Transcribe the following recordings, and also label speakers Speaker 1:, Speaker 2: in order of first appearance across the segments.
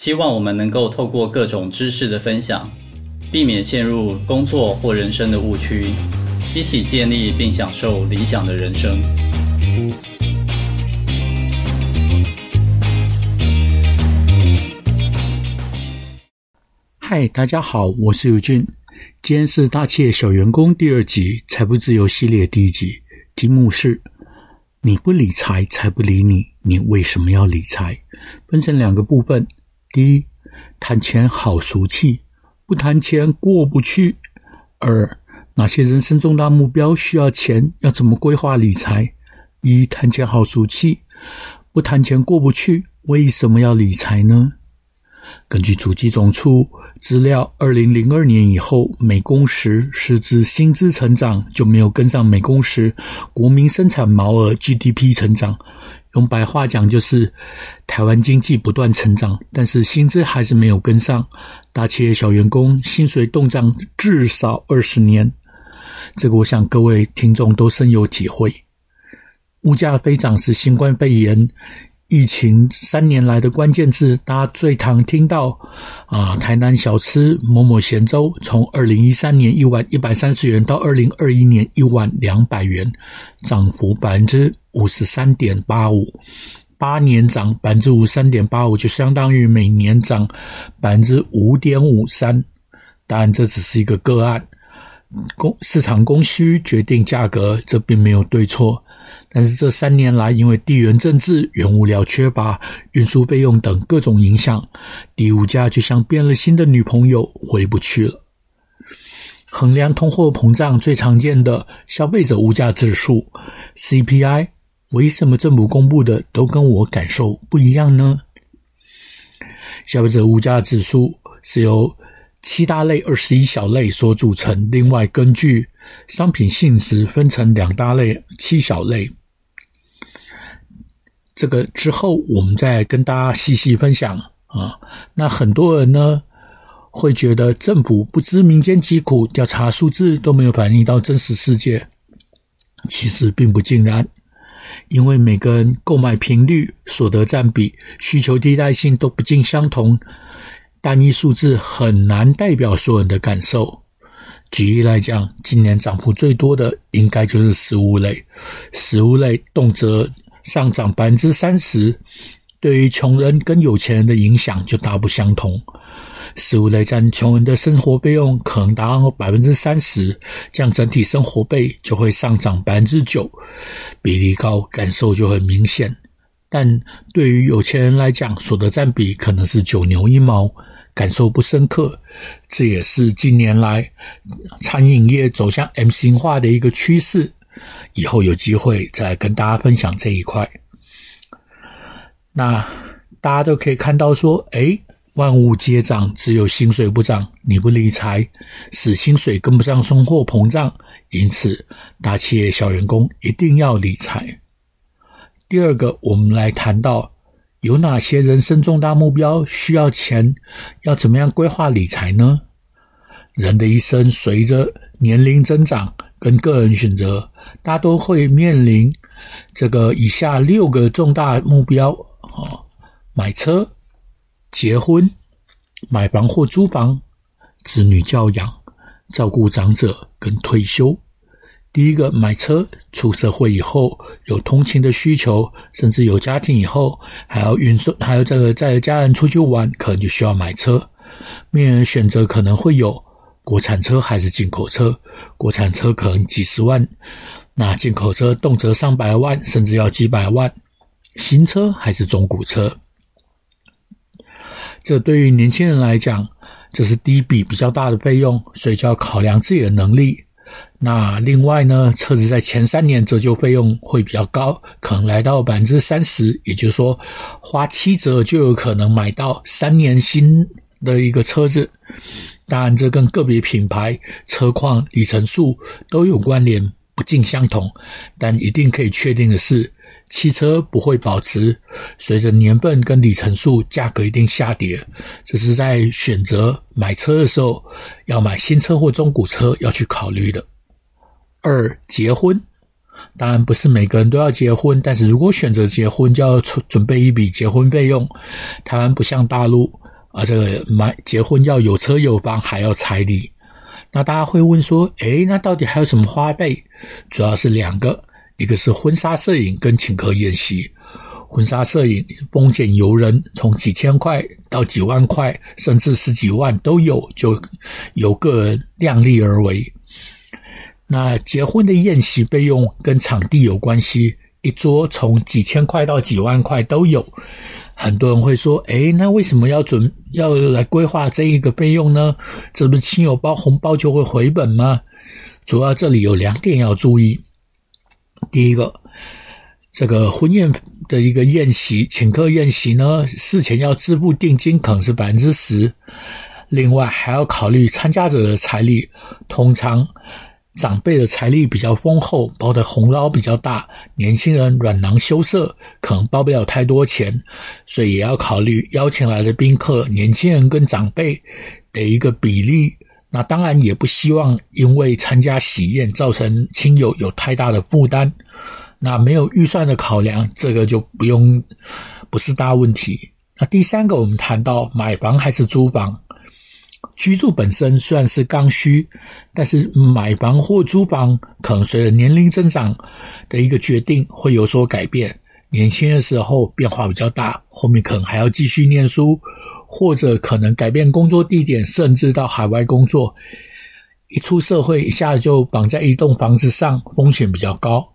Speaker 1: 希望我們能夠透過各種知識的分享，避免陷入工作或人生的誤區，一起建立並享受理想的人生。嗨，大家好，我是尤金。今天是《大企業小員工》第二集《財務自由》系列第一集，題目是“你不理財，財不理你，你為什麼要理財？”分成兩個部分。第一，談錢好俗氣，不談錢過不去。二，哪些人生重大目標需要錢？要怎麼規劃理財？一，談錢好俗氣，不談錢過不去。為什麼要理財呢？根據主計總處資料，二零零二年以後，每工時實質薪資成長就沒有跟上每工時國民生產毛額 GDP 成長。用白話講就是，台灣經濟不斷成長，但是薪資還是沒有跟上。大企業小員工薪水凍漲至少二十年，這個我想各位聽眾都深有體會。物價飛漲是新冠肺炎疫情三年來的關鍵字，大家最常聽到啊。台南小吃某某鹹粥，從二零一三年一碗一百三十元到二零二一年一碗兩百元，漲幅百分之。五十三點八五，八年漲百分之五十三點八五，就相當於每年漲百分之五點五三。當然，這只是一個個案，供市場供需決定價格，這並沒有對錯。但是這三年來，因為地緣政治、原物料缺乏、運輸費用等各種影響，低物價就像變了心的女朋友，回不去了。衡量通貨膨脹最常見的消費者物價指數 （CPI）。CP I, 為什麼政府公布的都跟我感受不一樣呢？消費者物價指數，是由七大類、二十一小類所組成，另外根據商品性質分成兩大類、七小類。這個之後我們再跟大家細細分享啊。那很多人呢，會覺得政府不知民間疾苦，調查數字都沒有反映到真實世界，其實並不盡然。因為每個人購買頻率、所得占比、需求替代性都不盡相同，單一數字很難代表所有人的感受。舉例來講，今年漲幅最多的應該就是食物類，食物類動輒上漲百分之三十。對於窮人跟有錢人的影響就大不相同。食物類佔窮人的生活費用可能達到百分之三十，這樣整體生活費就會上漲百分之九，比例高，感受就很明顯。但對於有錢人來講，所得佔比可能是九牛一毛，感受不深刻。這也是近年來餐飲業走向 M 型化的一個趨勢。以後有機會再跟大家分享這一塊。那大家都可以看到，說，誒，萬物皆漲，只有薪水不漲。你不理財，使薪水跟不上通貨膨脹。因此，大企業小員工一定要理財。第二個，我們來談到有哪些人生重大目標需要錢，要怎麼樣規劃理財呢？人的一生隨着年齡增長跟個人選擇，大多會面臨這個以下六個重大目標。哦，買車、結婚、買房或租房、子女教養、照顧長者跟退休。第一個買車，出社會以後有通勤的需求，甚至有家庭以後還要運送，還要在和家人出去玩，可能就需要買車。面臨選擇可能會有國產車還是進口車？國產車可能幾十萬，那進口車動輒上百萬，甚至要幾百萬。新車還是中古車？這對於年輕人來講，這是第一筆比較大的費用，所以就要考量自己的能力。那另外呢，車子在前三年折舊費用會比較高，可能來到百分之三十，也就是說，花七折就有可能買到三年新的一個車子。當然，這跟個別品牌、車況、里程數都有關聯，不盡相同，但一定可以確定的是。汽車不會保值，隨着年份跟里程數，價格一定下跌。這是在選擇買車的時候，要買新車或中古車要去考慮的。二結婚，當然不是每個人都要結婚，但是如果選擇結婚，就要準準備一筆結婚費用。台灣不像大陸，啊，這個買結婚要有車有房，還要彩禮。那大家會問說，誒，那到底還有什麼花費？主要是兩個。一個是婚紗攝影跟請客宴席，婚紗攝影豐儉由人從幾千塊到幾萬塊，甚至十幾萬都有，就由個人量力而為。那結婚的宴席費用跟場地有關係，一桌從幾千塊到幾萬塊都有。很多人會說：“誒，那為什麼要準要來規劃這一個費用呢？這不是親友包紅包就會回本嗎？”主要這裡有兩點要注意。第一個，這個婚宴的一個宴席，請客宴席呢，事前要支付定金，可能是百分之十。另外還要考慮參加者的財力，通常長輩的財力比較豐厚，包的紅包比較大；年輕人阮囊羞澀，可能包不了太多錢，所以也要考慮邀請來的賓客，年輕人跟長輩的一個比例。那當然也不希望因為參加喜宴造成親友有太大的負擔。那沒有預算的考量，這個就不用，不是大問題。那第三個，我們談到買房還是租房，居住本身雖然是剛需，但是買房或租房，可能隨着年齡增長的一個決定會有所改變。年輕的時候變化比較大，後面可能還要繼續唸書，或者可能改變工作地點，甚至到海外工作。一出社會，一下子就綁在一棟房子上，風險比較高。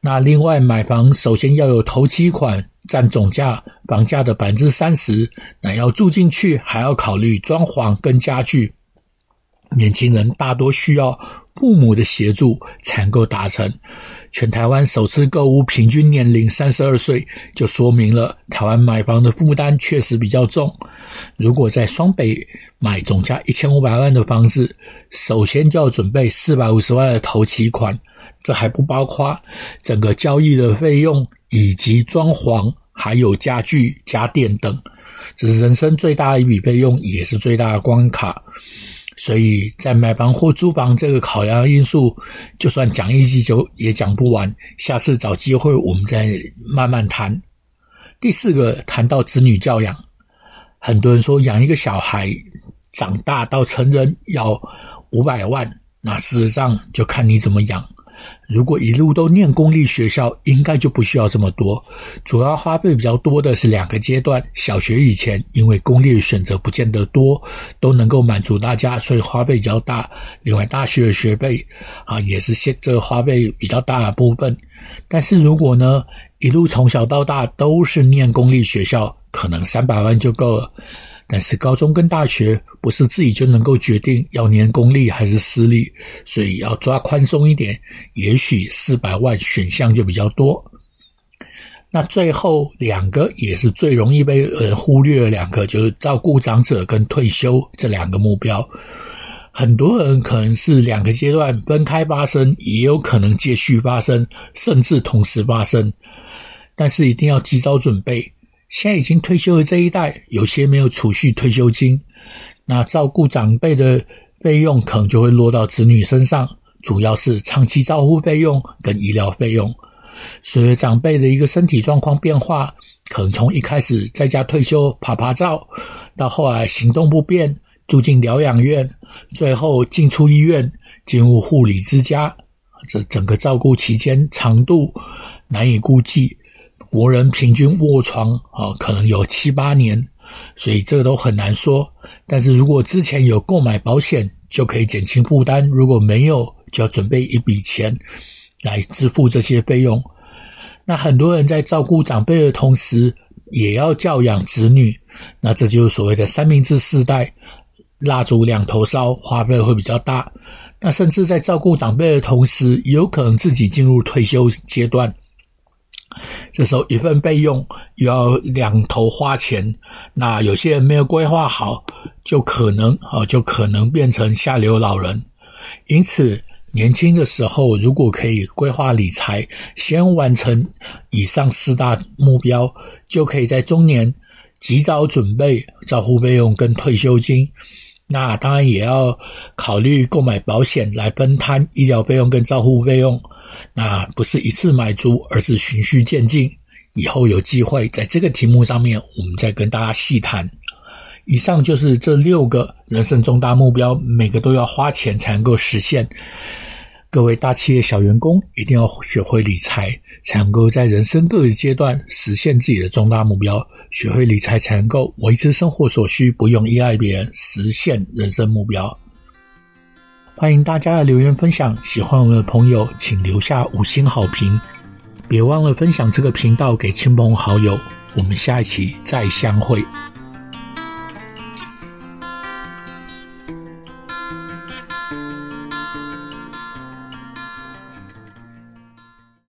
Speaker 1: 那另外買房，首先要有頭期款，占總價房價的百分之三十。那要住進去，還要考慮裝潢跟家具。年輕人大多需要父母的協助，才能夠達成。全台灣首次購屋平均年齡三十二歲，就說明了台灣買房的負擔確實比較重。如果在雙北買總價一千五百萬的房子，首先就要準備四百五十萬的頭期款，這還不包括整個交易的費用以及裝潢，還有家具、家電等。這是人生最大的一筆費用，也是最大的關卡。所以在買房或租房這個考量因素，就算講一集就也講不完。下次找機會我們再慢慢談。第四個談到子女教養，很多人說養一個小孩長大到成人要五百萬，那事實上就看你怎麼養。如果一路都念公立學校，應該就不需要這麼多。主要花費比較多的是兩個階段：小學以前，因為公立選擇不見得多，都能夠滿足大家，所以花費比較大。另外，大學的學費啊，也是現在花費比較大的部分。但是如果呢，一路從小到大都是念公立學校，可能三百萬就夠了。但是高中跟大學不是自己就能夠決定要念公立還是私立，所以要抓寬鬆一點，也許四百萬選項就比較多。那最後兩個也是最容易被人忽略的兩個，就是照顧長者跟退休這兩個目標。很多人可能是兩個階段分開發生，也有可能接續發生，甚至同時發生，但是一定要及早準備。現在已經退休的這一代，有些沒有儲蓄退休金，那照顧長輩的費用可能就會落到子女身上，主要是長期照顧費用跟醫療費用。隨着長輩的一個身體狀況變化，可能從一開始在家退休拍拍照，到後來行動不便住進療養院，最後進出醫院進入護理之家，這整個照顧期間長度難以估計。國人平均臥床啊，哦，可能有七八年，所以這個都很難說。但是如果之前有購買保險，就可以減輕負擔；如果沒有，就要準備一筆錢來支付這些費用。那很多人在照顧長輩的同時，也要教養子女，那這就是所謂的三明治世代，蠟燭兩頭燒，花費會比較大。那甚至在照顧長輩的同時，有可能自己進入退休階段。這時候一份備用又要兩頭花錢，那有些人沒有規劃好，就可能啊，就可能變成下流老人。因此，年輕的時候如果可以規劃理財，先完成以上四大目標，就可以在中年及早準備照護備用跟退休金。那當然也要考慮購買保險來分攤醫療費用跟照護費用。那不是一次買足，而是循序漸進。以後有機會在這個題目上面，我們再跟大家細談。以上就是這六個人生重大目標，每個都要花錢才能夠實現。各位大企業小員工一定要學會理財，才能夠在人生各個階段實現自己的重大目標。學會理財才能夠維持生活所需，不用依賴別人，實現人生目標。歡迎大家的留言分享，喜歡我們的朋友請留下五星好評，別忘了分享這個頻道給親朋好友。我們下一期再相會。